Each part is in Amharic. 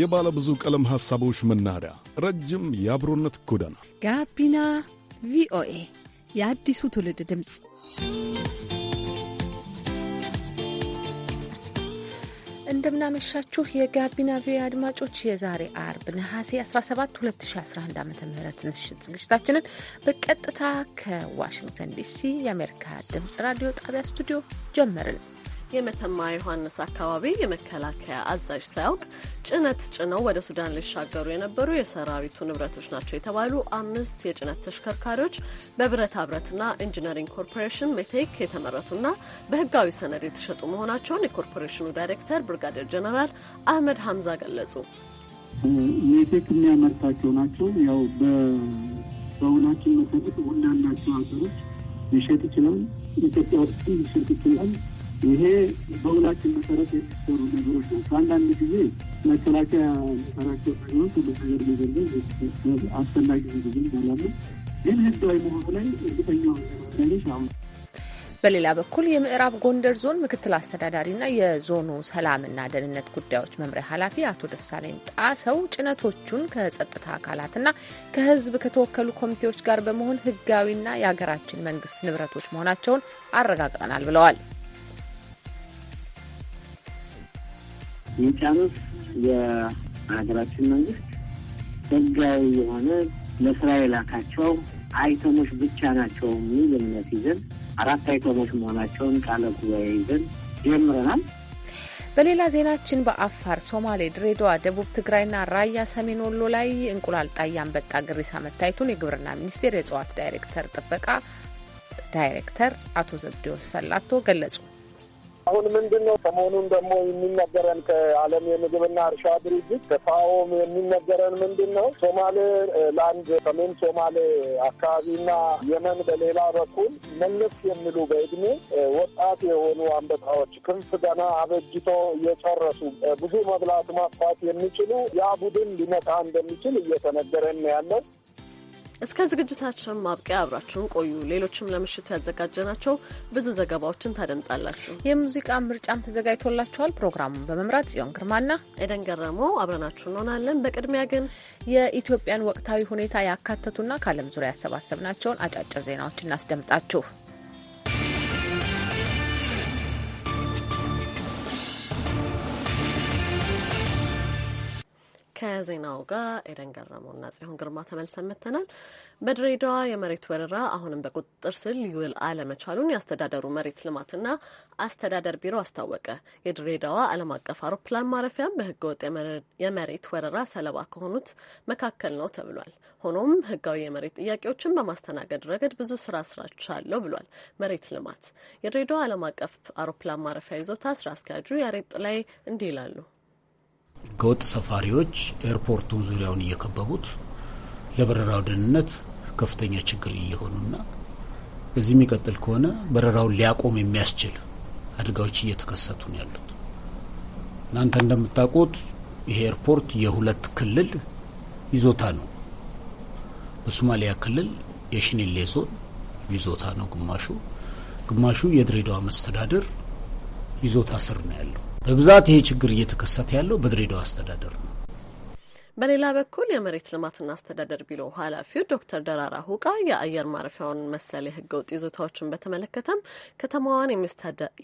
የባለ ብዙ ቀለም ሐሳቦች መናኸሪያ፣ ረጅም የአብሮነት ጎዳና፣ ጋቢና ቪኦኤ፣ የአዲሱ ትውልድ ድምፅ። እንደምናመሻችሁ የጋቢና ቪኦኤ አድማጮች፣ የዛሬ አርብ ነሐሴ 17 2011 ዓ ም ምሽት ዝግጅታችንን በቀጥታ ከዋሽንግተን ዲሲ የአሜሪካ ድምፅ ራዲዮ ጣቢያ ስቱዲዮ ጀመርን። የመተማ ዮሐንስ አካባቢ የመከላከያ አዛዥ ሳያውቅ ጭነት ጭነው ወደ ሱዳን ሊሻገሩ የነበሩ የሰራዊቱ ንብረቶች ናቸው የተባሉ አምስት የጭነት ተሽከርካሪዎች በብረታ ብረትና ኢንጂነሪንግ ኮርፖሬሽን ሜቴክ የተመረቱና በህጋዊ ሰነድ የተሸጡ መሆናቸውን የኮርፖሬሽኑ ዳይሬክተር ብርጋዴር ጀነራል አህመድ ሀምዛ ገለጹ። ሜቴክ የሚያመርታቸው ናቸው። ያው በውላችን መሰረት ሁላናቸው ሀገሮች ሊሸጥ ይችላል። ኢትዮጵያ ውስጥ ሊሸጥ ይችላል። ይሄ በሁላችን መሰረት የተሰሩ ነገሮች ናቸው። አንዳንድ ጊዜ መከላከያ የሚሰራቸው ነገሮች ሁሉ ነገር ገዘርገ አስፈላጊ ጊዜ ይላሉ። ግን ህጋዊ መሆኑ ላይ እርግጠኛ ሆነች አሁን በሌላ በኩል የምዕራብ ጎንደር ዞን ምክትል አስተዳዳሪና የዞኑ ሰላምና ደህንነት ጉዳዮች መምሪያ ኃላፊ አቶ ደሳለኝ ጣሰው ጭነቶቹን ከጸጥታ አካላትና ከህዝብ ከተወከሉ ኮሚቴዎች ጋር በመሆን ህጋዊና የሀገራችን መንግስት ንብረቶች መሆናቸውን አረጋግጠናል ብለዋል። የሚጫኑት የሀገራችን መንግስት ህጋዊ የሆነ ለስራ የላካቸው አይተሞች ብቻ ናቸው የሚል እምነት ይዘን አራት አይተሞች መሆናቸውን ቃለ ጉባኤ ይዘን ጀምረናል። በሌላ ዜናችን በአፋር፣ ሶማሌ፣ ድሬዳዋ፣ ደቡብ ትግራይና ራያ ሰሜን ወሎ ላይ እንቁላል ጣይ አንበጣ ግሪሳ መታየቱን የግብርና ሚኒስቴር የእጽዋት ዳይሬክተር ጥበቃ ዳይሬክተር አቶ ዘብዴዎስ ሰላቶ ገለጹ። አሁን ምንድን ነው ሰሞኑን ደግሞ የሚነገረን ከዓለም የምግብና እርሻ ድርጅት ከፋኦም የሚነገረን ምንድን ነው ሶማሌ ላንድ ሰሜን ሶማሌ አካባቢና የመን በሌላ በኩል መለስ የሚሉ በእድሜ ወጣት የሆኑ አንበጣዎች ክንፍ ገና አበጅቶ እየጨረሱ ብዙ መብላት ማጥፋት የሚችሉ ያ ቡድን ሊመጣ እንደሚችል እየተነገረን ያለው እስከ ዝግጅታችን ማብቂያ አብራችሁን ቆዩ። ሌሎችም ለምሽቱ ያዘጋጀናቸው ብዙ ዘገባዎችን ታደምጣላችሁ። የሙዚቃ ምርጫም ተዘጋጅቶላችኋል። ፕሮግራሙን በመምራት ጽዮን ግርማና ኤደን ገረሞ አብረናችሁ እንሆናለን። በቅድሚያ ግን የኢትዮጵያን ወቅታዊ ሁኔታ ያካተቱና ከዓለም ዙሪያ ያሰባሰብናቸውን አጫጭር ዜናዎች እናስደምጣችሁ። ከዜናው ጋር ኤደን ገረመውና ጽሆን ግርማ ተመልሰን መጥተናል። በድሬዳዋ የመሬት ወረራ አሁንም በቁጥጥር ስር ሊውል አለመቻሉን የአስተዳደሩ መሬት ልማትና አስተዳደር ቢሮ አስታወቀ። የድሬዳዋ ዓለም አቀፍ አውሮፕላን ማረፊያም በህገወጥ የመሬት ወረራ ሰለባ ከሆኑት መካከል ነው ተብሏል። ሆኖም ህጋዊ የመሬት ጥያቄዎችን በማስተናገድ ረገድ ብዙ ስራ ስራቻለሁ ብሏል። መሬት ልማት የድሬዳዋ ዓለም አቀፍ አውሮፕላን ማረፊያ ይዞታ ስራ አስኪያጁ ያሬጥ ላይ እንዲህ ይላሉ። ህገወጥ ሰፋሪዎች ኤርፖርቱን ዙሪያውን እየከበቡት ለበረራው ደህንነት ከፍተኛ ችግር እየሆኑና በዚህ የሚቀጥል ከሆነ በረራውን ሊያቆም የሚያስችል አደጋዎች እየተከሰቱ ነው ያሉት። እናንተ እንደምታውቁት ይሄ ኤርፖርት የሁለት ክልል ይዞታ ነው። በሶማሊያ ክልል የሽኔሌ ዞን ይዞታ ነው ግማሹ፣ ግማሹ የድሬዳዋ መስተዳድር ይዞታ ስር ነው ያለው። በብዛት ይሄ ችግር እየተከሰተ ያለው በድሬዳዋ አስተዳደር ነው። በሌላ በኩል የመሬት ልማትና አስተዳደር ቢሮ ኃላፊው ዶክተር ደራራ ሁቃ የአየር ማረፊያውን መሰል የህገወጥ ይዞታዎችን በተመለከተም ከተማዋን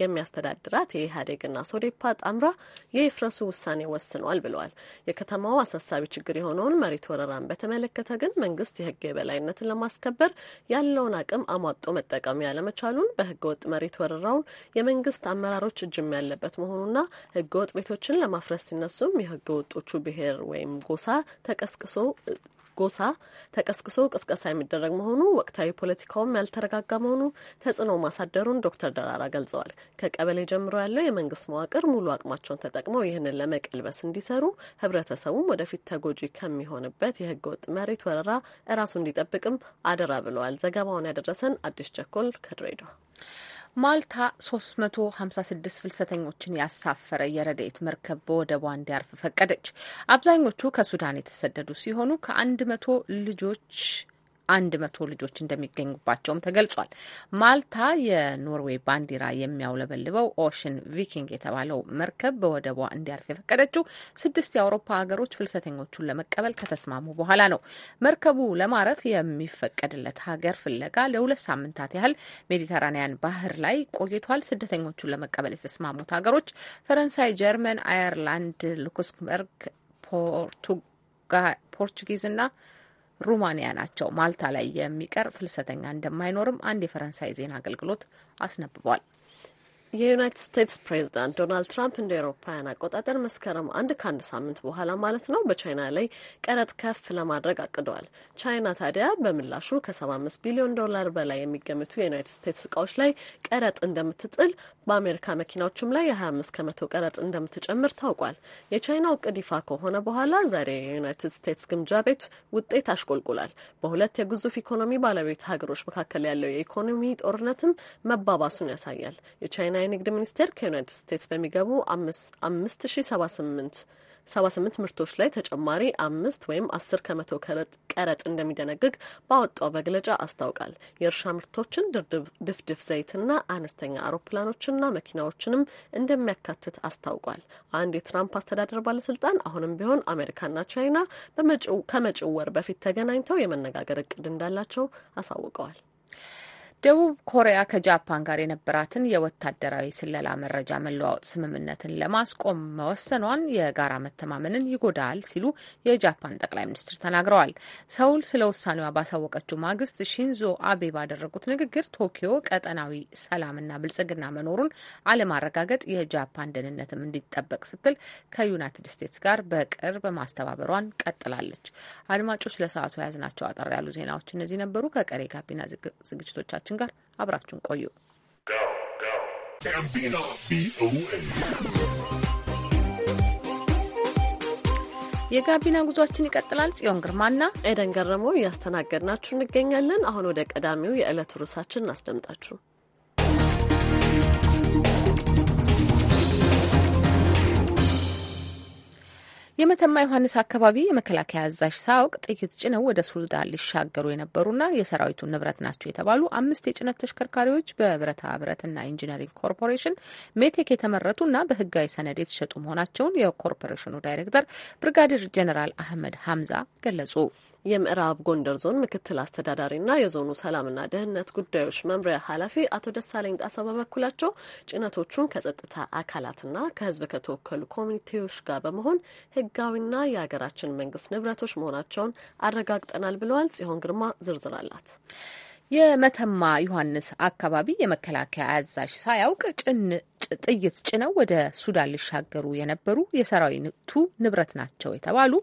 የሚያስተዳድራት የኢህአዴግና ሶዴፓ ጣምራ የይፍረሱ ውሳኔ ወስኗል ብለዋል። የከተማው አሳሳቢ ችግር የሆነውን መሬት ወረራን በተመለከተ ግን መንግስት የህግ የበላይነትን ለማስከበር ያለውን አቅም አሟጦ መጠቀም ያለመቻሉን፣ በህገወጥ መሬት ወረራውን የመንግስት አመራሮች እጅም ያለበት መሆኑና ህገወጥ ቤቶችን ለማፍረስ ሲነሱም የህገወጦቹ ብሄር ወይም ጎሳ ጎሳ ተቀስቅሶ ጎሳ ተቀስቅሶ ቅስቀሳ የሚደረግ መሆኑ ወቅታዊ ፖለቲካውም ያልተረጋጋ መሆኑ ተጽዕኖ ማሳደሩን ዶክተር ደራራ ገልጸዋል። ከቀበሌ ጀምሮ ያለው የመንግስት መዋቅር ሙሉ አቅማቸውን ተጠቅመው ይህንን ለመቀልበስ እንዲሰሩ፣ ህብረተሰቡም ወደፊት ተጎጂ ከሚሆንበት የህገ ወጥ መሬት ወረራ እራሱ እንዲጠብቅም አደራ ብለዋል። ዘገባውን ያደረሰን አዲስ ቸኮል ከድሬዳዋ ማልታ 356 ፍልሰተኞችን ያሳፈረ የረድኤት መርከብ በወደቧ እንዲያርፍ ፈቀደች። አብዛኞቹ ከሱዳን የተሰደዱ ሲሆኑ ከአንድ መቶ ልጆች አንድ መቶ ልጆች እንደሚገኙባቸውም ተገልጿል። ማልታ የኖርዌይ ባንዲራ የሚያውለበልበው ኦሽን ቪኪንግ የተባለው መርከብ በወደቧ እንዲያርፍ የፈቀደችው ስድስት የአውሮፓ ሀገሮች ፍልሰተኞቹን ለመቀበል ከተስማሙ በኋላ ነው። መርከቡ ለማረፍ የሚፈቀድለት ሀገር ፍለጋ ለሁለት ሳምንታት ያህል ሜዲተራኒያን ባህር ላይ ቆይቷል። ስደተኞቹን ለመቀበል የተስማሙት ሀገሮች ፈረንሳይ፣ ጀርመን፣ አየርላንድ፣ ሉክስምበርግ፣ እና። ሩማንያ ናቸው። ማልታ ላይ የሚቀር ፍልሰተኛ እንደማይኖርም አንድ የፈረንሳይ ዜና አገልግሎት አስነብቧል። የዩናይትድ ስቴትስ ፕሬዚዳንት ዶናልድ ትራምፕ እንደ ኤሮፓውያን አቆጣጠር መስከረም አንድ ከአንድ ሳምንት በኋላ ማለት ነው በቻይና ላይ ቀረጥ ከፍ ለማድረግ አቅደዋል። ቻይና ታዲያ በምላሹ ከ75 ቢሊዮን ዶላር በላይ የሚገምቱ የዩናይትድ ስቴትስ እቃዎች ላይ ቀረጥ እንደምትጥል፣ በአሜሪካ መኪናዎችም ላይ የ25 ከመቶ ቀረጥ እንደምትጨምር ታውቋል። የቻይናው እቅድ ይፋ ከሆነ በኋላ ዛሬ የዩናይትድ ስቴትስ ግምጃ ቤት ውጤት አሽቆልቁላል። በሁለት የግዙፍ ኢኮኖሚ ባለቤት ሀገሮች መካከል ያለው የኢኮኖሚ ጦርነትም መባባሱን ያሳያል። የቻይና የቻይና የንግድ ሚኒስቴር ከዩናይትድ ስቴትስ በሚገቡ አምስት ሺ ሰባ ስምንት ሰባ ስምንት ምርቶች ላይ ተጨማሪ አምስት ወይም አስር ከመቶ ቀረጥ እንደሚደነግግ ባወጣው መግለጫ አስታውቃል። የእርሻ ምርቶችን፣ ድፍድፍ ዘይትና አነስተኛ አውሮፕላኖችና መኪናዎችንም እንደሚያካትት አስታውቋል። አንድ የትራምፕ አስተዳደር ባለስልጣን አሁንም ቢሆን አሜሪካና ቻይና ከመጭው ወር በፊት ተገናኝተው የመነጋገር እቅድ እንዳላቸው አሳውቀዋል። ደቡብ ኮሪያ ከጃፓን ጋር የነበራትን የወታደራዊ ስለላ መረጃ መለዋወጥ ስምምነትን ለማስቆም መወሰኗን የጋራ መተማመንን ይጎዳል ሲሉ የጃፓን ጠቅላይ ሚኒስትር ተናግረዋል። ሰውል ስለ ውሳኔዋ ባሳወቀችው ማግስት ሺንዞ አቤ ባደረጉት ንግግር ቶኪዮ ቀጠናዊ ሰላምና ብልጽግና መኖሩን አለማረጋገጥ የጃፓን ደህንነትም እንዲጠበቅ ስትል ከዩናይትድ ስቴትስ ጋር በቅርብ ማስተባበሯን ቀጥላለች። አድማጮች ለሰዓቱ የያዝናቸው አጠር ያሉ ዜናዎች እነዚህ ነበሩ። ከቀሬ ጋቢና ዝግጅቶቻችን ዝግጅታችን ጋር አብራችሁን ቆዩ። የጋቢና ጉዟችን ይቀጥላል። ጽዮን ግርማና ኤደን ገረመው እያስተናገድናችሁ እንገኛለን። አሁን ወደ ቀዳሚው የዕለቱ ርዕሳችን እናስደምጣችሁ። የመተማ ዮሐንስ አካባቢ የመከላከያ አዛዥ ሳውቅ ጥይት ጭነው ወደ ሱዳን ሊሻገሩ የነበሩና የሰራዊቱ ንብረት ናቸው የተባሉ አምስት የጭነት ተሽከርካሪዎች በብረታ ብረትና ኢንጂነሪንግ ኮርፖሬሽን ሜቴክ የተመረቱና በህጋዊ ሰነድ የተሸጡ መሆናቸውን የኮርፖሬሽኑ ዳይሬክተር ብርጋዴር ጀኔራል አህመድ ሀምዛ ገለጹ። የምዕራብ ጎንደር ዞን ምክትል አስተዳዳሪና የዞኑ ሰላምና ደህንነት ጉዳዮች መምሪያ ኃላፊ አቶ ደሳለኝ ጣሰው በበኩላቸው ጭነቶቹን ከጸጥታ አካላትና ከህዝብ ከተወከሉ ኮሚኒቲዎች ጋር በመሆን ህጋዊና የሀገራችን መንግስት ንብረቶች መሆናቸውን አረጋግጠናል ብለዋል። ጽሆን ግርማ ዝርዝር አላት። የመተማ ዮሐንስ አካባቢ የመከላከያ አዛዥ ሳያውቅ ጥይት ጭነው ወደ ሱዳን ሊሻገሩ የነበሩ የሰራዊቱ ንብረት ናቸው የተባሉ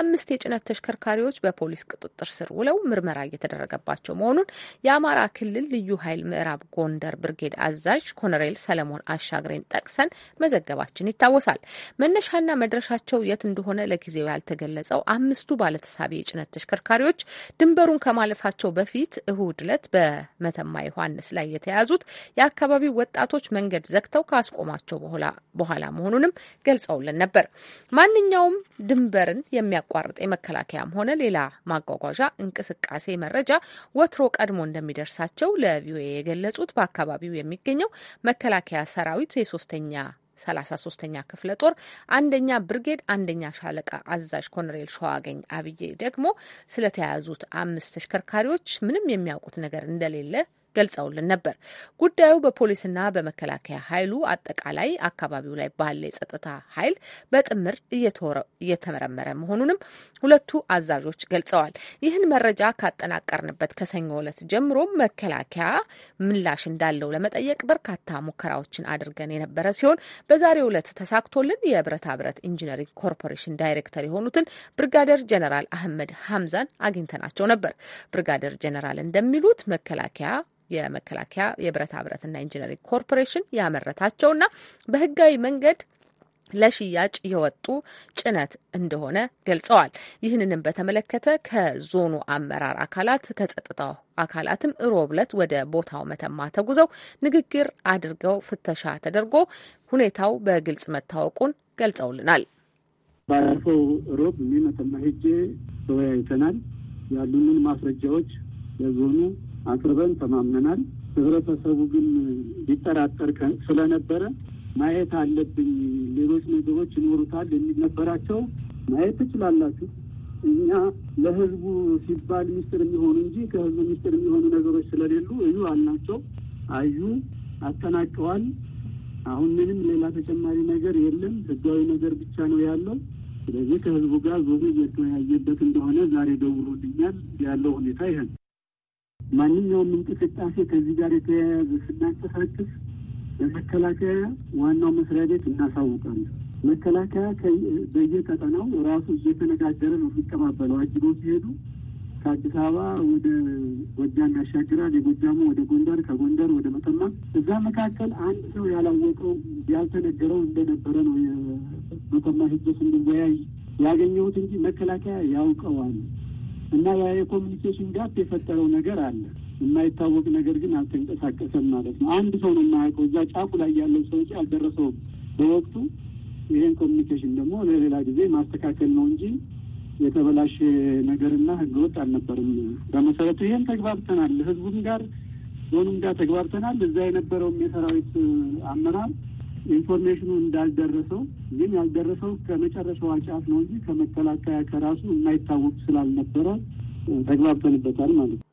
አምስት የጭነት ተሽከርካሪዎች በፖሊስ ቁጥጥር ስር ውለው ምርመራ እየተደረገባቸው መሆኑን የአማራ ክልል ልዩ ኃይል ምዕራብ ጎንደር ብርጌድ አዛዥ ኮሎኔል ሰለሞን አሻግሬን ጠቅሰን መዘገባችን ይታወሳል። መነሻና መድረሻቸው የት እንደሆነ ለጊዜው ያልተገለጸው አምስቱ ባለተሳቢ የጭነት ተሽከርካሪዎች ድንበሩን ከማለፋቸው በፊት እሁድ ዕለት በመተማ ዮሐንስ ላይ የተያዙት የአካባቢው ወጣቶች መንገድ ዘግተው ካስቆማቸው በኋላ መሆኑንም ገልጸውልን ነበር። ማንኛውም ድንበርን የሚያቋርጥ የመከላከያም ሆነ ሌላ ማጓጓዣ እንቅስቃሴ መረጃ ወትሮ ቀድሞ እንደሚደርሳቸው ለቪኦኤ የገለጹት በአካባቢው የሚገኘው መከላከያ ሰራዊት የሶስተኛ 33ኛ ክፍለ ጦር አንደኛ ብርጌድ አንደኛ ሻለቃ አዛዥ ኮሎኔል ሸዋገኝ አብዬ ደግሞ ስለተያያዙት አምስት ተሽከርካሪዎች ምንም የሚያውቁት ነገር እንደሌለ ገልጸውልን ነበር። ጉዳዩ በፖሊስና በመከላከያ ኃይሉ አጠቃላይ አካባቢው ላይ ባለ የጸጥታ ኃይል በጥምር እየተመረመረ መሆኑንም ሁለቱ አዛዦች ገልጸዋል። ይህን መረጃ ካጠናቀርንበት ከሰኞ ዕለት ጀምሮ መከላከያ ምላሽ እንዳለው ለመጠየቅ በርካታ ሙከራዎችን አድርገን የነበረ ሲሆን በዛሬው ዕለት ተሳክቶልን የብረታ ብረት ኢንጂነሪንግ ኮርፖሬሽን ዳይሬክተር የሆኑትን ብርጋደር ጀነራል አህመድ ሀምዛን አግኝተናቸው ነበር። ብርጋደር ጀነራል እንደሚሉት መከላከያ የመከላከያ የብረታ ብረትና ኢንጂነሪንግ ኮርፖሬሽን ያመረታቸውና በህጋዊ መንገድ ለሽያጭ የወጡ ጭነት እንደሆነ ገልጸዋል። ይህንንም በተመለከተ ከዞኑ አመራር አካላት ከጸጥታው አካላትም እሮብ ወደ ቦታው መተማ ተጉዘው ንግግር አድርገው ፍተሻ ተደርጎ ሁኔታው በግልጽ መታወቁን ገልጸውልናል። ባለፈው ሮብ እኔ መተማ ሄጄ ተወያይተናል። ያሉንን ማስረጃዎች ለዞኑ አቅርበን ተማምነናል። ህብረተሰቡ ግን ሊጠራጠር ስለነበረ ማየት አለብኝ፣ ሌሎች ነገሮች ይኖሩታል የሚል ነበራቸው። ማየት ትችላላችሁ። እኛ ለህዝቡ ሲባል ሚስጥር የሚሆኑ እንጂ ከህዝቡ ሚስጥር የሚሆኑ ነገሮች ስለሌሉ እዩ አልናቸው። አዩ፣ አጠናቀዋል። አሁን ምንም ሌላ ተጨማሪ ነገር የለም። ህጋዊ ነገር ብቻ ነው ያለው። ስለዚህ ከህዝቡ ጋር ዞኑ እየተወያየበት እንደሆነ ዛሬ ደውሎልኛል። ያለው ሁኔታ ይህን ማንኛውም እንቅስቃሴ ከዚህ ጋር የተያያዘ ስናንቀሳቅስ ለመከላከያ ዋናው መስሪያ ቤት እናሳውቃለን። መከላከያ በየቀጠናው ራሱ እየተነጋገረ ነው የሚቀባበለው። አጅቦ ሲሄዱ ከአዲስ አበባ ወደ ጎጃም ያሻግራል፣ የጎጃሙ ወደ ጎንደር፣ ከጎንደር ወደ መተማ። እዛ መካከል አንድ ሰው ያላወቀው ያልተነገረው እንደነበረ ነው መተማ ህጀት እንድወያይ ያገኘሁት እንጂ መከላከያ ያውቀዋል። እና ያ የኮሚኒኬሽን ጋፕ የፈጠረው ነገር አለ። የማይታወቅ ነገር ግን አልተንቀሳቀሰም ማለት ነው። አንድ ሰው ነው የማያውቀው። እዛ ጫፉ ላይ ያለው ሰው እንጂ አልደረሰውም በወቅቱ። ይሄን ኮሚኒኬሽን ደግሞ ለሌላ ጊዜ ማስተካከል ነው እንጂ የተበላሸ ነገርና ህገወጥ አልነበርም። በመሰረቱ ይህም ተግባብተናል። ህዝቡም ጋር ዞኑም ጋር ተግባብተናል። እዛ የነበረውም የሰራዊት አመራር ኢንፎርሜሽኑ እንዳልደረሰው ግን ያልደረሰው ከመጨረሻዋ አጫፍ ነው እንጂ ከመከላከያ ከራሱ የማይታወቅ ስላልነበረ ተግባብተንበታል ማለት ነው።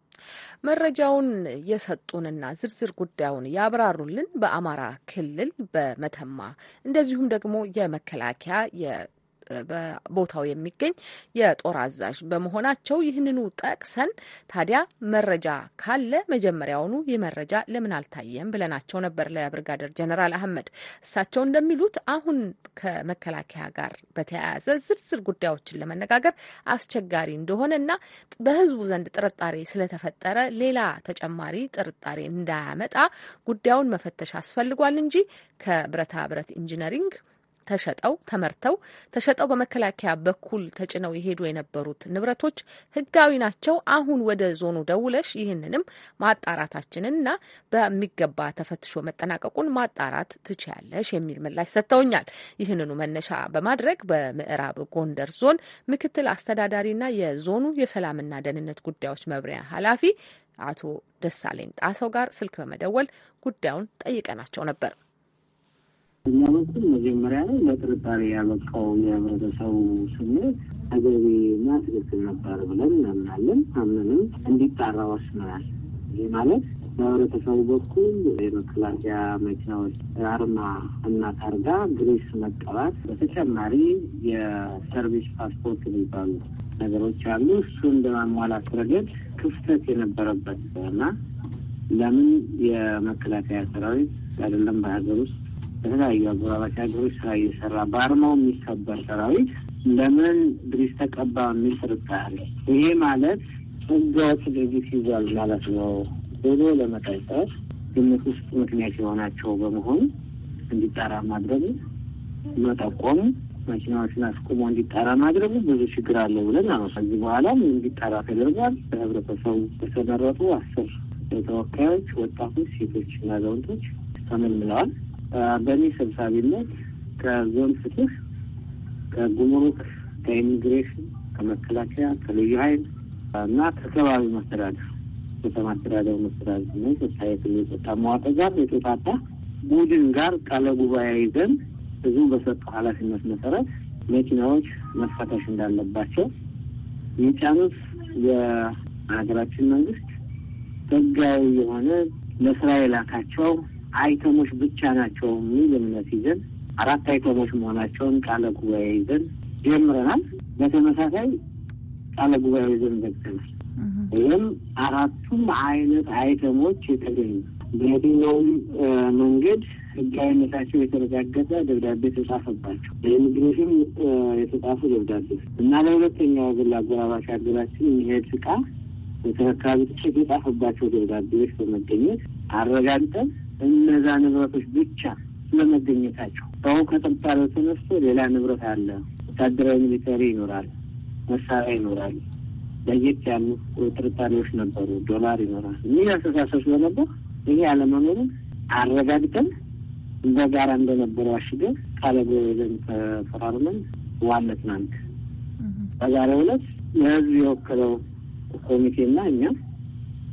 መረጃውን የሰጡንና ዝርዝር ጉዳዩን ያብራሩልን በአማራ ክልል በመተማ እንደዚሁም ደግሞ የመከላከያ በቦታው የሚገኝ የጦር አዛዥ በመሆናቸው ይህንኑ ጠቅሰን ታዲያ መረጃ ካለ መጀመሪያውኑ ይህ መረጃ ለምን አልታየም ብለናቸው ነበር ለብርጋደር ጀነራል አህመድ። እሳቸው እንደሚሉት አሁን ከመከላከያ ጋር በተያያዘ ዝርዝር ጉዳዮችን ለመነጋገር አስቸጋሪ እንደሆነ እና በህዝቡ ዘንድ ጥርጣሬ ስለተፈጠረ ሌላ ተጨማሪ ጥርጣሬ እንዳያመጣ ጉዳዩን መፈተሽ አስፈልጓል እንጂ ከብረታ ብረት ኢንጂነሪንግ ተሸጠው ተመርተው ተሸጠው በመከላከያ በኩል ተጭነው የሄዱ የነበሩት ንብረቶች ህጋዊ ናቸው። አሁን ወደ ዞኑ ደውለሽ ይህንንም ማጣራታችንንና በሚገባ ተፈትሾ መጠናቀቁን ማጣራት ትችያለሽ የሚል ምላሽ ሰጥተውኛል። ይህንኑ መነሻ በማድረግ በምዕራብ ጎንደር ዞን ምክትል አስተዳዳሪና የዞኑ የሰላምና ደህንነት ጉዳዮች መብሪያ ኃላፊ አቶ ደሳለኝ ጣሰው ጋር ስልክ በመደወል ጉዳዩን ጠይቀናቸው ነበር። እኛ በኩል መጀመሪያ ላይ ለጥርጣሬ ያበቃው የህብረተሰቡ ስሜት ተገቢና ትክክል ነበር ብለን እናምናለን። አምንም እንዲጣራ ወስነናል። ይህ ማለት በህብረተሰቡ በኩል የመከላከያ መኪናዎች አርማ እና ታርጋ ግሬስ መቀባት፣ በተጨማሪ የሰርቪስ ፓስፖርት የሚባሉ ነገሮች አሉ። እሱን በማሟላት ረገድ ክፍተት የነበረበት እና ለምን የመከላከያ ሰራዊት አይደለም በሀገር ውስጥ በተለያዩ አጎራባች ሀገሮች ስራ እየሰራ በአርማው የሚከበር ሰራዊት ለምን ድሪስ ተቀባ የሚል ጥርጣሬ ይሄ ማለት ህገወጥ ድርጊት ይዟል ማለት ነው ብሎ ለመጠርጠር ግምት ውስጥ ምክንያት የሆናቸው በመሆን እንዲጣራ ማድረጉ መጠቆም መኪናዎችን አስቁሞ እንዲጣራ ማድረጉ ብዙ ችግር አለ ብለን አሁ ከዚህ በኋላም እንዲጣራ ተደርጓል። በህብረተሰቡ የተመረጡ አስር ተወካዮች ወጣቶች፣ ሴቶች እና አዛውንቶች ተመልምለዋል። በእኔ ሰብሳቢነት ከዞን ፍትህ፣ ከጉምሩክ፣ ከኢሚግሬሽን፣ ከመከላከያ፣ ከልዩ ኃይል እና ከከባቢ መስተዳደር ከተማ አስተዳደር መስተዳደር ነው ተታየት የጸጥታ መዋቅር ጋር የተውጣጣ ቡድን ጋር ቃለ ጉባኤ ይዘን ብዙ በሰጡ ኃላፊነት መሰረት መኪናዎች መፈተሽ እንዳለባቸው የጫኑት የሀገራችን መንግስት ህጋዊ የሆነ ለስራ የላካቸው አይተሞች ብቻ ናቸው የሚል እምነት ይዘን አራት አይተሞች መሆናቸውን ቃለ ጉባኤ ይዘን ጀምረናል። በተመሳሳይ ቃለ ጉባኤ ይዘን ዘግተናል። ይህም አራቱም አይነት አይተሞች የተገኙ በየትኛውም መንገድ ህጋዊነታቸው የተረጋገጠ ደብዳቤ ተጻፈባቸው በኢሚግሬሽን የተጻፉ ደብዳቤ እና ለሁለተኛ ወገን ለአጎራባች ሀገራችን የሚሄድ እቃ የተረካቢ የተጻፈባቸው ደብዳቤዎች በመገኘት አረጋግጠን እነዛ ንብረቶች ብቻ ስለመገኘታቸው በአሁን ከጥርጣሬ ተነስቶ ሌላ ንብረት አለ፣ ወታደራዊ ሚሊተሪ ይኖራል፣ መሳሪያ ይኖራል፣ ለየት ያሉ ጥርጣሬዎች ነበሩ፣ ዶላር ይኖራል የሚል አስተሳሰብ ስለነበር ይሄ አለመኖሩን አረጋግጠን እንደ ጋራ እንደነበሩ አሽገን ቃለ ጎበዘን ተፈራርመን ዋለት ናንት በዛሬው ዕለት ለህዝብ የወከለው ኮሚቴና እኛም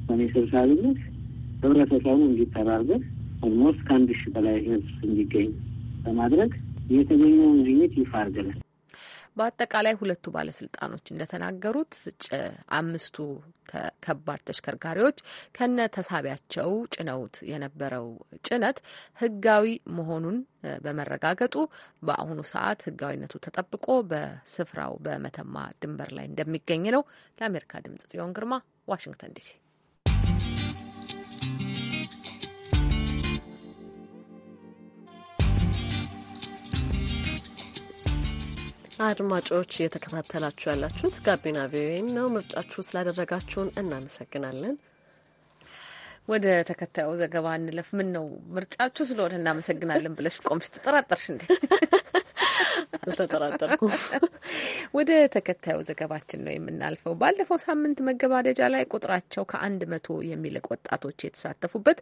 በኔ ሰብሳቢነት ህብረተሰቡ እንዲተባበር ኦልሞስት ከአንድ ሺ በላይ ህዝብ እንዲገኝ በማድረግ የተገኘውን ግኝት ይፋ አድርገናል። በአጠቃላይ ሁለቱ ባለስልጣኖች እንደተናገሩት አምስቱ ከባድ ተሽከርካሪዎች ከነ ተሳቢያቸው ጭነውት የነበረው ጭነት ህጋዊ መሆኑን በመረጋገጡ በአሁኑ ሰዓት ህጋዊነቱ ተጠብቆ በስፍራው በመተማ ድንበር ላይ እንደሚገኝ ነው። ለአሜሪካ ድምጽ ጽዮን ግርማ ዋሽንግተን ዲሲ። አድማጮች እየተከታተላችሁ ያላችሁት ጋቢና ቪኦኤ ነው። ምርጫችሁ ስላደረጋችሁን እናመሰግናለን። ወደ ተከታዩ ዘገባ እንለፍ። ምን ነው ምርጫችሁ ስለሆነ እናመሰግናለን ብለሽ ቆምሽ ተጠራጠርሽ እንዴ? ተጠራጠርኩ። ወደ ተከታዩ ዘገባችን ነው የምናልፈው። ባለፈው ሳምንት መገባደጃ ላይ ቁጥራቸው ከአንድ መቶ የሚልቅ ወጣቶች የተሳተፉበት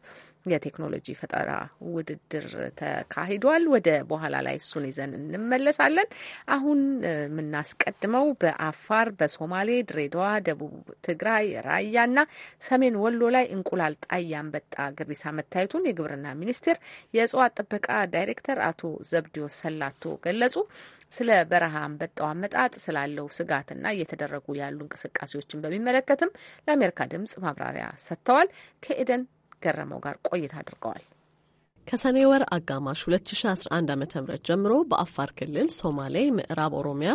የቴክኖሎጂ ፈጠራ ውድድር ተካሂዷል። ወደ በኋላ ላይ እሱን ይዘን እንመለሳለን። አሁን የምናስቀድመው በአፋር፣ በሶማሌ፣ ድሬዳዋ፣ ደቡብ ትግራይ፣ ራያና ሰሜን ወሎ ላይ እንቁላል ጣይ አንበጣ ግሪሳ መታየቱን የግብርና ሚኒስቴር የእጽዋት ጥበቃ ዳይሬክተር አቶ ዘብዲዮ ሰላቶ ገለጹ። ስለ በረሃ አንበጣው አመጣጥ ስላለው ስጋትና እየተደረጉ ያሉ እንቅስቃሴዎችን በሚመለከትም ለአሜሪካ ድምጽ ማብራሪያ ሰጥተዋል። ከኤደን ገረመው ጋር ቆይታ አድርገዋል። ከሰኔ ወር አጋማሽ 2011 ዓ ም ጀምሮ በአፋር ክልል፣ ሶማሌ፣ ምዕራብ ኦሮሚያ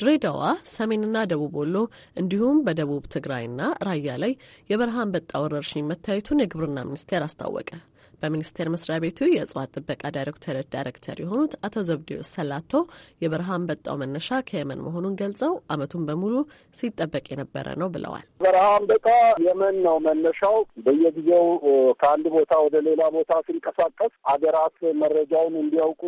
ድሬዳዋ፣ ሰሜንና ደቡብ ወሎ እንዲሁም በደቡብ ትግራይና ራያ ላይ የበረሃ አንበጣ ወረርሽኝ መታየቱን የግብርና ሚኒስቴር አስታወቀ። በሚኒስቴር መስሪያ ቤቱ የእጽዋት ጥበቃ ዳይሬክተር ዳይሬክተር የሆኑት አቶ ዘብዲዮስ ሰላቶ የበረሃ አንበጣው መነሻ ከየመን መሆኑን ገልጸው አመቱን በሙሉ ሲጠበቅ የነበረ ነው ብለዋል። በረሃ አንበጣ የመን ነው መነሻው። በየጊዜው ከአንድ ቦታ ወደ ሌላ ቦታ ሲንቀሳቀስ አገራት መረጃውን እንዲያውቁ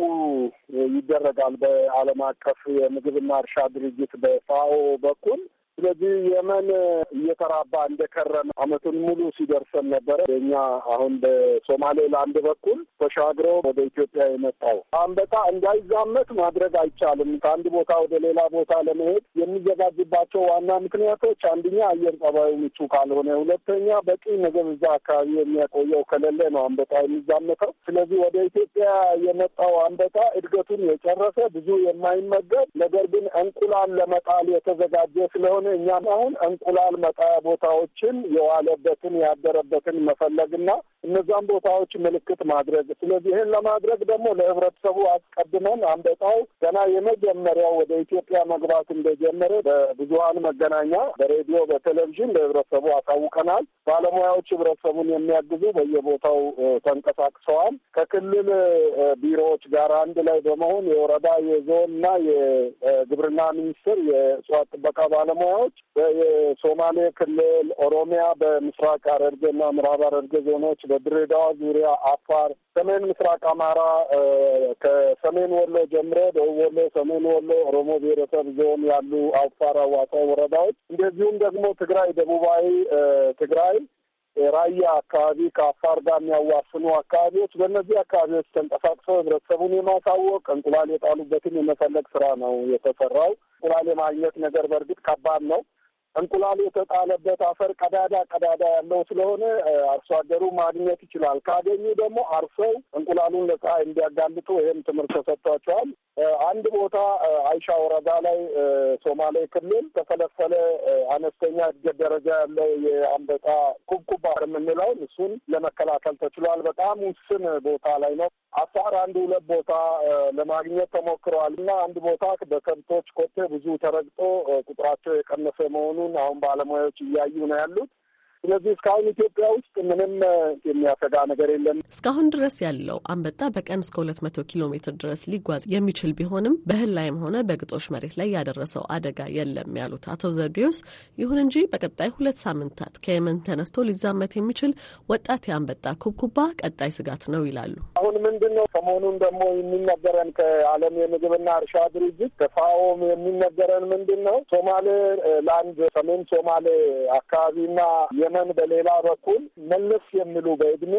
ይደረጋል። በዓለም አቀፍ የምግብና እርሻ ድርጅት በፋኦ በኩል ስለዚህ የመን እየተራባ እንደከረመ አመቱን ሙሉ ሲደርሰን ነበረ። እኛ አሁን በሶማሌላንድ በኩል ተሻግሮ ወደ ኢትዮጵያ የመጣው አንበጣ እንዳይዛመት ማድረግ አይቻልም። ከአንድ ቦታ ወደ ሌላ ቦታ ለመሄድ የሚዘጋጅባቸው ዋና ምክንያቶች አንደኛ አየር ጸባዩ ምቹ ካልሆነ፣ ሁለተኛ በቂ ምግብ እዛ አካባቢ የሚያቆየው ከሌለ ነው አንበጣ የሚዛመተው። ስለዚህ ወደ ኢትዮጵያ የመጣው አንበጣ እድገቱን የጨረሰ ብዙ የማይመገብ ነገር ግን እንቁላል ለመጣል የተዘጋጀ ስለሆነ እኛም አሁን እንቁላል መጣያ ቦታዎችን የዋለበትን ያደረበትን መፈለግና እነዛም ቦታዎች ምልክት ማድረግ። ስለዚህ ይህን ለማድረግ ደግሞ ለህብረተሰቡ አስቀድመን አንበጣው ገና የመጀመሪያው ወደ ኢትዮጵያ መግባት እንደጀመረ በብዙሀን መገናኛ፣ በሬዲዮ፣ በቴሌቪዥን ለህብረተሰቡ አሳውቀናል። ባለሙያዎች ህብረተሰቡን የሚያግዙ በየቦታው ተንቀሳቅሰዋል። ከክልል ቢሮዎች ጋር አንድ ላይ በመሆን የወረዳ እና የግብርና ሚኒስቴር የእጽዋት ጥበቃ ባለሙያዎች የሶማሌ ክልል፣ ኦሮሚያ፣ በምስራቅ ሐረርጌና ምዕራብ ሐረርጌ ዞኖች በድሬዳዋ ዙሪያ፣ አፋር፣ ሰሜን ምስራቅ አማራ ከሰሜን ወሎ ጀምሮ ደቡብ ወሎ፣ ሰሜን ወሎ፣ ኦሮሞ ብሔረሰብ ዞን ያሉ አፋር አዋሳኝ ወረዳዎች እንደዚሁም ደግሞ ትግራይ፣ ደቡባዊ ትግራይ ራያ አካባቢ ከአፋር ጋር የሚያዋስኑ አካባቢዎች በእነዚህ አካባቢዎች ተንቀሳቅሰው ህብረተሰቡን የማሳወቅ እንቁላል የጣሉበትን የመፈለግ ስራ ነው የተሰራው። እንቁላል የማግኘት ነገር በእርግጥ ከባድ ነው። እንቁላል የተጣለበት አፈር ቀዳዳ ቀዳዳ ያለው ስለሆነ አርሶ አደሩ ማግኘት ይችላል። ካገኙ ደግሞ አርሰው እንቁላሉን ለፀሐይ እንዲያጋልጡ ይህም ትምህርት ተሰጥቷቸዋል። አንድ ቦታ አይሻ ወረዳ ላይ ሶማሌ ክልል ተፈለፈለ አነስተኛ እድገት ደረጃ ያለው የአንበጣ ኩብኩባር የምንለውን እሱን ለመከላከል ተችሏል። በጣም ውስን ቦታ ላይ ነው። አፋር አንድ ሁለት ቦታ ለማግኘት ተሞክረዋል እና አንድ ቦታ በከብቶች ኮቴ ብዙ ተረግጦ ቁጥራቸው የቀነሰ መሆኑን አሁን ባለሙያዎች እያዩ ነው ያሉት። ስለዚህ እስካሁን ኢትዮጵያ ውስጥ ምንም የሚያሰጋ ነገር የለም። እስካሁን ድረስ ያለው አንበጣ በቀን እስከ ሁለት መቶ ኪሎ ሜትር ድረስ ሊጓዝ የሚችል ቢሆንም በእህል ላይም ሆነ በግጦሽ መሬት ላይ ያደረሰው አደጋ የለም ያሉት አቶ ዘርዲዮስ፣ ይሁን እንጂ በቀጣይ ሁለት ሳምንታት ከየመን ተነስቶ ሊዛመት የሚችል ወጣት የአንበጣ ኩብኩባ ቀጣይ ስጋት ነው ይላሉ። አሁን ምንድን ነው ሰሞኑን ደግሞ የሚነገረን ከዓለም የምግብና እርሻ ድርጅት ከፋኦም የሚነገረን ምንድን ነው ሶማሌ ላንድ ሰሜን ሶማሌ አካባቢና የመን በሌላ በኩል መለስ የሚሉ በእድሜ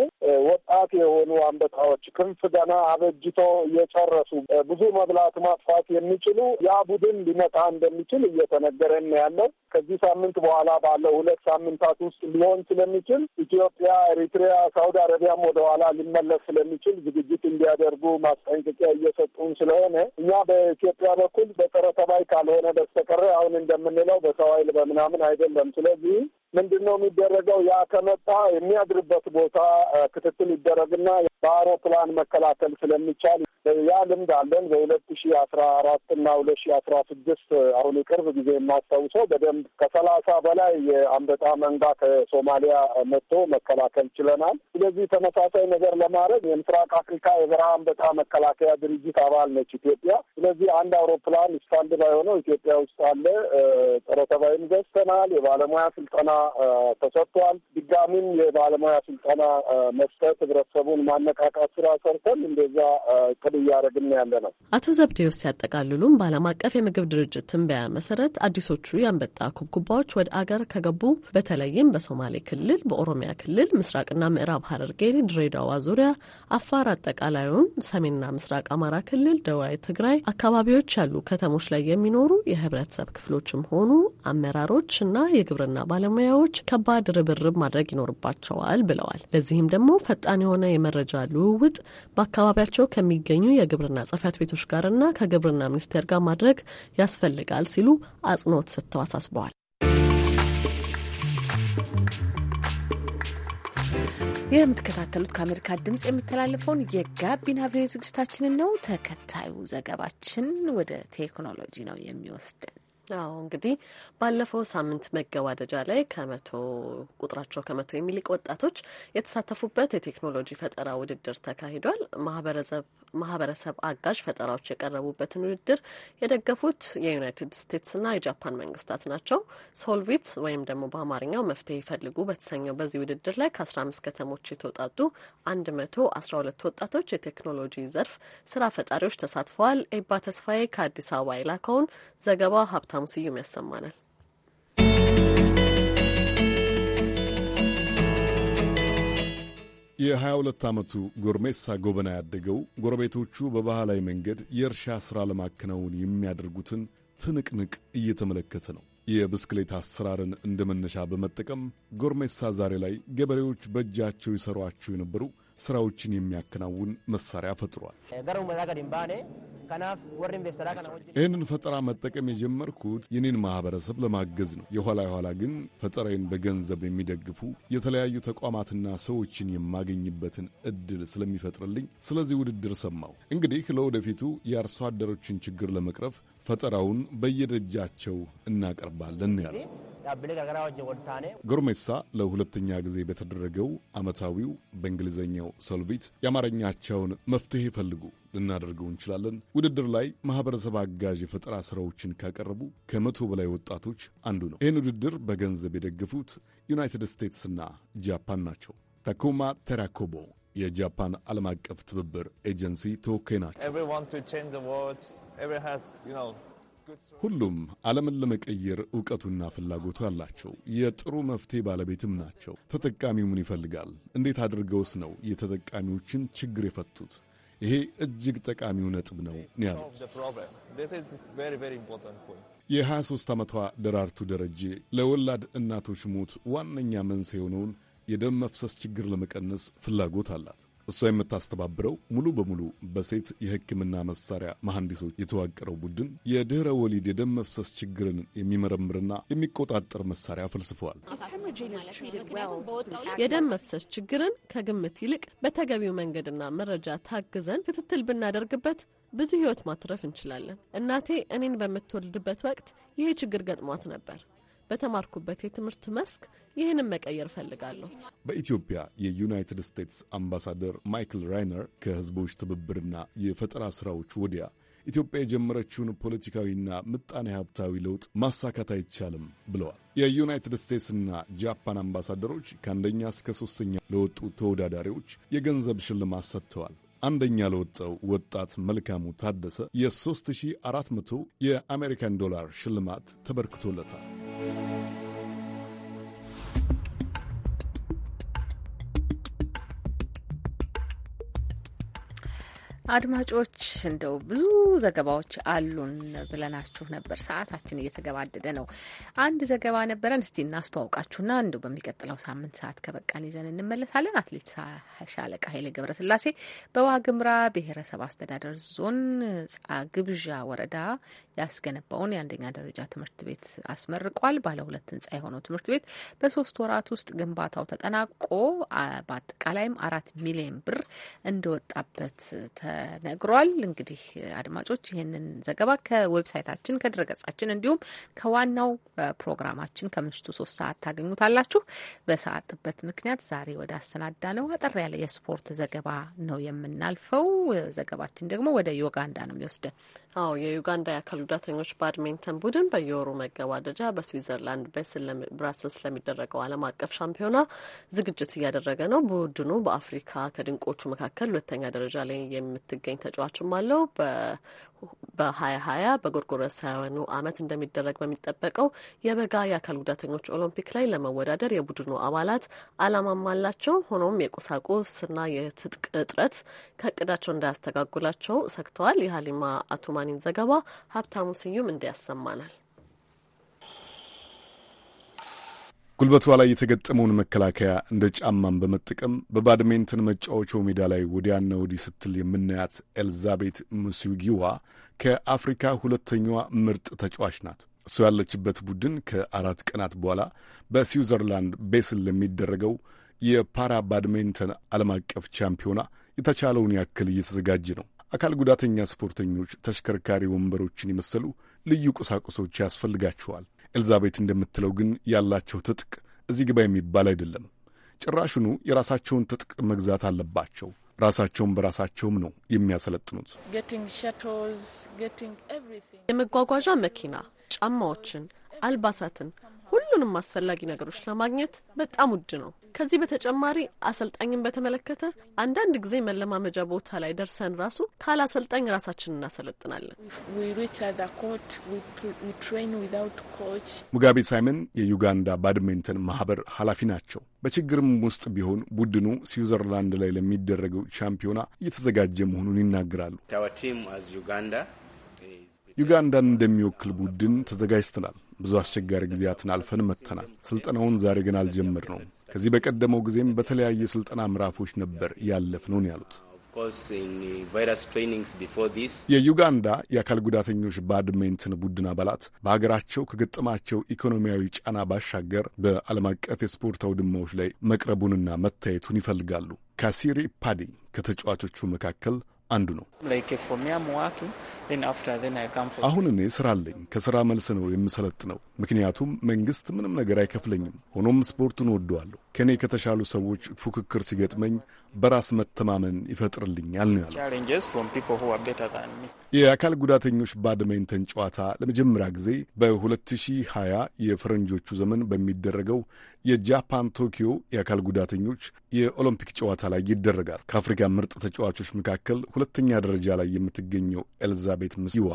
ወጣት የሆኑ አንበጣዎች ክንፍ ገና አበጅቶ እየጨረሱ ብዙ መብላት ማጥፋት የሚችሉ ያ ቡድን ሊመጣ እንደሚችል እየተነገረን ያለው ከዚህ ሳምንት በኋላ ባለው ሁለት ሳምንታት ውስጥ ሊሆን ስለሚችል ኢትዮጵያ፣ ኤሪትሪያ፣ ሳውዲ አረቢያም ወደኋላ ሊመለስ ስለሚችል ዝግጅት እንዲያደርጉ ማስጠንቀቂያ እየሰጡን ስለሆነ እኛ በኢትዮጵያ በኩል በጸረ ተባይ ካልሆነ በስተቀረ አሁን እንደምንለው በሰው ኃይል በምናምን አይደለም። ስለዚህ ምንድን ነው የሚደረገው? ያ ከመጣ የሚያድርበት ቦታ ክትትል ይደረግና በአውሮፕላን መከላከል ስለሚቻል ያ ልምድ አለን። በሁለት ሺ አስራ አራት እና ሁለት ሺ አስራ ስድስት አሁን የቅርብ ጊዜ የማስታውሰው በደንብ ከሰላሳ በላይ የአንበጣ መንጋ ከሶማሊያ መጥቶ መከላከል ችለናል። ስለዚህ ተመሳሳይ ነገር ለማድረግ የምስራቅ አፍሪካ የበረሃ አንበጣ መከላከያ ድርጅት አባል ነች ኢትዮጵያ። ስለዚህ አንድ አውሮፕላን ስታንድ ባይ ሆነው ኢትዮጵያ ውስጥ አለ። ጸረ ተባይም ገዝተናል። የባለሙያ ስልጠና ተሰጥቷል። ድጋሚም የባለሙያ ስልጠና መስጠት፣ ህብረተሰቡን ማነቃቃት ስራ ሰርተን እንደዛ እቅድ እያደረግን ያለ ነው። አቶ ዘብዴዎስ ሲያጠቃልሉም በዓለም አቀፍ የምግብ ድርጅት ትንበያ መሰረት አዲሶቹ የአንበጣ ኩብኩባዎች ወደ አገር ከገቡ በተለይም በሶማሌ ክልል፣ በኦሮሚያ ክልል፣ ምስራቅና ምዕራብ ሐረርጌ፣ ድሬዳዋ ዙሪያ፣ አፋር አጠቃላዩን፣ ሰሜንና ምስራቅ አማራ ክልል፣ ደቡባዊ ትግራይ አካባቢዎች ያሉ ከተሞች ላይ የሚኖሩ የህብረተሰብ ክፍሎችም ሆኑ አመራሮች እና የግብርና ባለሙያ ገበያዎች ከባድ ርብርብ ማድረግ ይኖርባቸዋል ብለዋል። ለዚህም ደግሞ ፈጣን የሆነ የመረጃ ልውውጥ በአካባቢያቸው ከሚገኙ የግብርና ጽሕፈት ቤቶች ጋርና ከግብርና ሚኒስቴር ጋር ማድረግ ያስፈልጋል ሲሉ አጽንኦት ሰጥተው አሳስበዋል። የምትከታተሉት ከአሜሪካ ድምጽ የሚተላለፈውን የጋቢና ቪኦኤ ዝግጅታችንን ነው። ተከታዩ ዘገባችን ወደ ቴክኖሎጂ ነው የሚወስደን። አዎ እንግዲህ ባለፈው ሳምንት መገባደጃ ላይ ከመቶ ቁጥራቸው ከመቶ የሚልቅ ወጣቶች የተሳተፉበት የቴክኖሎጂ ፈጠራ ውድድር ተካሂዷል። ማህበረሰብ ማህበረሰብ አጋዥ ፈጠራዎች የቀረቡበትን ውድድር የደገፉት የዩናይትድ ስቴትስና የጃፓን መንግስታት ናቸው። ሶልቪት ወይም ደግሞ በአማርኛው መፍትሄ ይፈልጉ በተሰኘው በዚህ ውድድር ላይ ከአስራ አምስት ከተሞች የተውጣጡ አንድ መቶ አስራ ሁለት ወጣቶች የቴክኖሎጂ ዘርፍ ስራ ፈጣሪዎች ተሳትፈዋል። ኤባ ተስፋዬ ከአዲስ አበባ የላከውን ዘገባ ሀብታ ሀብታሙ ስዩም ያሰማናል። የ22 ዓመቱ ጎርሜሳ ጎበና ያደገው ጎረቤቶቹ በባህላዊ መንገድ የእርሻ ሥራ ለማከናወን የሚያደርጉትን ትንቅንቅ እየተመለከተ ነው። የብስክሌት አሰራርን እንደ መነሻ በመጠቀም ጎርሜሳ ዛሬ ላይ ገበሬዎች በእጃቸው ይሠሯቸው የነበሩ ሥራዎችን የሚያከናውን መሣሪያ ፈጥሯል። ይህንን ፈጠራ መጠቀም የጀመርኩት የኔን ማህበረሰብ ለማገዝ ነው። የኋላ የኋላ ግን ፈጠራዬን በገንዘብ የሚደግፉ የተለያዩ ተቋማትና ሰዎችን የማገኝበትን እድል ስለሚፈጥርልኝ ስለዚህ ውድድር ሰማሁ። እንግዲህ ለወደፊቱ የአርሶ አደሮችን ችግር ለመቅረፍ ፈጠራውን በየደጃቸው እናቀርባለን ያለው ጎርሜሳ ለሁለተኛ ጊዜ በተደረገው ዓመታዊው በእንግሊዝኛው ሰልቪት የአማርኛቸውን መፍትሄ ፈልጉ ልናደርገው እንችላለን ውድድር ላይ ማህበረሰብ አጋዥ የፈጠራ ስራዎችን ካቀረቡ ከመቶ በላይ ወጣቶች አንዱ ነው። ይህን ውድድር በገንዘብ የደገፉት ዩናይትድ ስቴትስና ጃፓን ናቸው። ታኮማ ተራኮቦ የጃፓን ዓለም አቀፍ ትብብር ኤጀንሲ ተወካይ ናቸው። ሁሉም ዓለምን ለመቀየር እውቀቱና ፍላጎቱ አላቸው። የጥሩ መፍትሄ ባለቤትም ናቸው። ተጠቃሚውን ይፈልጋል? እንዴት አድርገውስ ነው የተጠቃሚዎችን ችግር የፈቱት? ይሄ እጅግ ጠቃሚው ነጥብ ነው ያሉት የ23 ዓመቷ ደራርቱ ደረጄ ለወላድ እናቶች ሞት ዋነኛ መንስኤ የሆነውን የደም መፍሰስ ችግር ለመቀነስ ፍላጎት አላት። እሷ የምታስተባብረው ሙሉ በሙሉ በሴት የሕክምና መሳሪያ መሐንዲሶች የተዋቀረው ቡድን የድኅረ ወሊድ የደም መፍሰስ ችግርን የሚመረምርና የሚቆጣጠር መሳሪያ ፈልስፈዋል። የደም መፍሰስ ችግርን ከግምት ይልቅ በተገቢው መንገድና መረጃ ታግዘን ክትትል ብናደርግበት ብዙ ሕይወት ማትረፍ እንችላለን። እናቴ እኔን በምትወልድበት ወቅት ይሄ ችግር ገጥሟት ነበር። በተማርኩበት የትምህርት መስክ ይህንም መቀየር እፈልጋለሁ። በኢትዮጵያ የዩናይትድ ስቴትስ አምባሳደር ማይክል ራይነር ከህዝቦች ትብብርና የፈጠራ ስራዎች ወዲያ ኢትዮጵያ የጀመረችውን ፖለቲካዊና ምጣኔ ሀብታዊ ለውጥ ማሳካት አይቻልም ብለዋል። የዩናይትድ ስቴትስና ጃፓን አምባሳደሮች ከአንደኛ እስከ ሦስተኛ ለወጡ ተወዳዳሪዎች የገንዘብ ሽልማት ሰጥተዋል። አንደኛ ለወጣው ወጣት መልካሙ ታደሰ የ3400 የአሜሪካን ዶላር ሽልማት ተበርክቶለታል። አድማጮች እንደው ብዙ ዘገባዎች አሉን ብለናችሁ ነበር። ሰዓታችን እየተገባደደ ነው። አንድ ዘገባ ነበረን፣ እስቲ እናስተዋውቃችሁና እንደው በሚቀጥለው ሳምንት ሰዓት ከበቃን ይዘን እንመለሳለን። አትሌት ሻለቃ ኃይሌ ገብረስላሴ በዋግምራ ብሔረሰብ አስተዳደር ዞን ግብዣ ወረዳ ያስገነባውን የአንደኛ ደረጃ ትምህርት ቤት አስመርቋል። ባለ ሁለት ህንጻ የሆነው ትምህርት ቤት በሶስት ወራት ውስጥ ግንባታው ተጠናቆ በአጠቃላይም አራት ሚሊዮን ብር እንደወጣበት ተ ተነግሯል። እንግዲህ አድማጮች ይህንን ዘገባ ከዌብሳይታችን ከድረገጻችን፣ እንዲሁም ከዋናው ፕሮግራማችን ከምሽቱ ሶስት ሰዓት ታገኙታላችሁ። በሰዓት ጥበት ምክንያት ዛሬ ወደ አሰናዳ ነው አጠር ያለ የስፖርት ዘገባ ነው የምናልፈው። ዘገባችን ደግሞ ወደ ዩጋንዳ ነው የሚወስደን። አዎ የዩጋንዳ የአካል ጉዳተኞች ባድሚንተን ቡድን በየወሩ መገባደጃ በስዊዘርላንድ ብራስልስ ለሚደረገው ዓለም አቀፍ ሻምፒዮና ዝግጅት እያደረገ ነው። ቡድኑ በአፍሪካ ከድንቆቹ መካከል ሁለተኛ ደረጃ ላይ የምት የምትገኝ ተጫዋችም አለው። በሀያ ሀያ በጎርጎሮሳውያኑ አመት እንደሚደረግ በሚጠበቀው የበጋ የአካል ጉዳተኞች ኦሎምፒክ ላይ ለመወዳደር የቡድኑ አባላት አላማም አላቸው። ሆኖም የቁሳቁስና የትጥቅ እጥረት ከእቅዳቸው እንዳያስተጋጉላቸው ሰግተዋል። የሀሊማ አቱማኒን ዘገባ ሀብታሙ ስዩም እንዲያሰማናል። ጉልበቷ ላይ የተገጠመውን መከላከያ እንደ ጫማን በመጠቀም በባድሜንተን መጫወቻው ሜዳ ላይ ወዲያና ወዲህ ስትል የምናያት ኤልዛቤት ሙስዩጊዋ ከአፍሪካ ሁለተኛዋ ምርጥ ተጫዋች ናት። እሱ ያለችበት ቡድን ከአራት ቀናት በኋላ በስዊዘርላንድ ቤስል ለሚደረገው የፓራ ባድሜንተን ዓለም አቀፍ ቻምፒዮና የተቻለውን ያክል እየተዘጋጀ ነው። አካል ጉዳተኛ ስፖርተኞች ተሽከርካሪ ወንበሮችን የመሰሉ ልዩ ቁሳቁሶች ያስፈልጋቸዋል። ኤልዛቤት እንደምትለው ግን ያላቸው ትጥቅ እዚህ ግባ የሚባል አይደለም። ጭራሹኑ የራሳቸውን ትጥቅ መግዛት አለባቸው። ራሳቸውን በራሳቸውም ነው የሚያሰለጥኑት። የመጓጓዣ መኪና፣ ጫማዎችን፣ አልባሳትን ሁሉንም አስፈላጊ ነገሮች ለማግኘት በጣም ውድ ነው። ከዚህ በተጨማሪ አሰልጣኝን በተመለከተ አንዳንድ ጊዜ መለማመጃ ቦታ ላይ ደርሰን ራሱ ካለ አሰልጣኝ ራሳችን እናሰለጥናለን። ሙጋቤ ሳይመን የዩጋንዳ ባድሚንተን ማህበር ኃላፊ ናቸው። በችግርም ውስጥ ቢሆን ቡድኑ ስዊዘርላንድ ላይ ለሚደረገው ሻምፒዮና እየተዘጋጀ መሆኑን ይናገራሉ። ዩጋንዳን እንደሚወክል ቡድን ተዘጋጅተናል። ብዙ አስቸጋሪ ጊዜያትን አልፈን መጥተናል። ስልጠናውን ዛሬ ግን አልጀምር ነው። ከዚህ በቀደመው ጊዜም በተለያዩ ስልጠና ምዕራፎች ነበር ያለፍ ነውን ያሉት የዩጋንዳ የአካል ጉዳተኞች ባድሜንትን ቡድን አባላት በሀገራቸው ከገጠማቸው ኢኮኖሚያዊ ጫና ባሻገር በዓለም አቀፍ የስፖርት አውድማዎች ላይ መቅረቡንና መታየቱን ይፈልጋሉ። ካሲሪ ፓዲ ከተጫዋቾቹ መካከል አንዱ ነው። አሁን እኔ ስራ አለኝ። ከስራ መልስ ነው የምሰለጥነው፣ ምክንያቱም መንግስት ምንም ነገር አይከፍለኝም። ሆኖም ስፖርቱን ወደዋለሁ። ከእኔ ከተሻሉ ሰዎች ፉክክር ሲገጥመኝ በራስ መተማመን ይፈጥርልኛል ነው ያለው። የአካል ጉዳተኞች ባድሜንተን ጨዋታ ለመጀመሪያ ጊዜ በ2020 የፈረንጆቹ ዘመን በሚደረገው የጃፓን ቶኪዮ የአካል ጉዳተኞች የኦሎምፒክ ጨዋታ ላይ ይደረጋል። ከአፍሪካ ምርጥ ተጫዋቾች መካከል ሁለተኛ ደረጃ ላይ የምትገኘው ኤልዛቤት ምስዋ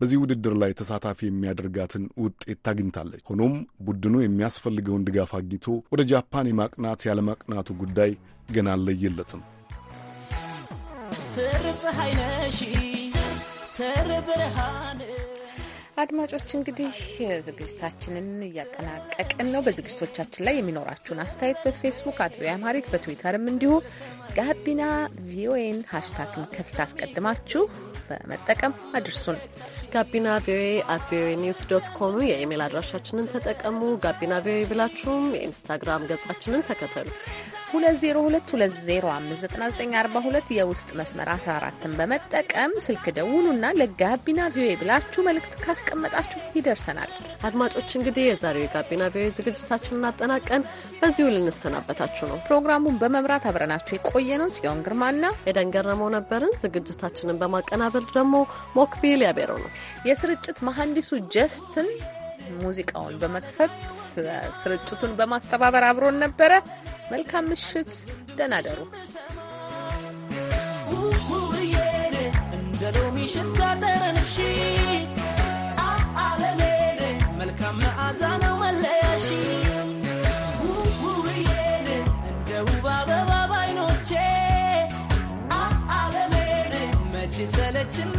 በዚህ ውድድር ላይ ተሳታፊ የሚያደርጋትን ውጤት ታግኝታለች። ሆኖም ቡድኑ የሚያስፈልገውን ድጋፍ አግኝቶ ወደ ጃፓን የማቅናት ያለማቅናቱ ጉዳይ ገና አልለየለትም። አድማጮች እንግዲህ ዝግጅታችንን እያጠናቀቅን ነው። በዝግጅቶቻችን ላይ የሚኖራችሁን አስተያየት በፌስቡክ አት ቪኦኤ አማሪክ በትዊተርም እንዲሁ ጋቢና ቪኦኤን ሀሽታግን ከፊት አስቀድማችሁ በመጠቀም አድርሱን። ጋቢና ቪኦኤ አት ቪኦኤ ኒውስ ዶት ኮም የኢሜል አድራሻችንን ተጠቀሙ። ጋቢና ቪኦኤ ብላችሁም የኢንስታግራም ገጻችንን ተከተሉ። 2022059942 የውስጥ መስመር 14ን በመጠቀም ስልክ ደውሉና ለጋቢና ቪኦኤ ብላችሁ መልእክት ካስቀመጣችሁ ይደርሰናል። አድማጮች እንግዲህ የዛሬው የጋቢና ቪኦኤ ዝግጅታችን እናጠናቀን በዚሁ ልንሰናበታችሁ ነው። ፕሮግራሙን በመምራት አብረናችሁ የቆየ ነው ጽዮን ግርማና ኤደን ገረመው ነበርን። ዝግጅታችንን በማቀናበር ደግሞ ሞክቢል ያቤረው ነው የስርጭት መሐንዲሱ ጀስትን ሙዚቃውን በመክፈት ስርጭቱን በማስተባበር አብሮን ነበረ። መልካም ምሽት፣ ደህና ደሩ። መልካም መዓዛ ነው መለያሽ ሰለችና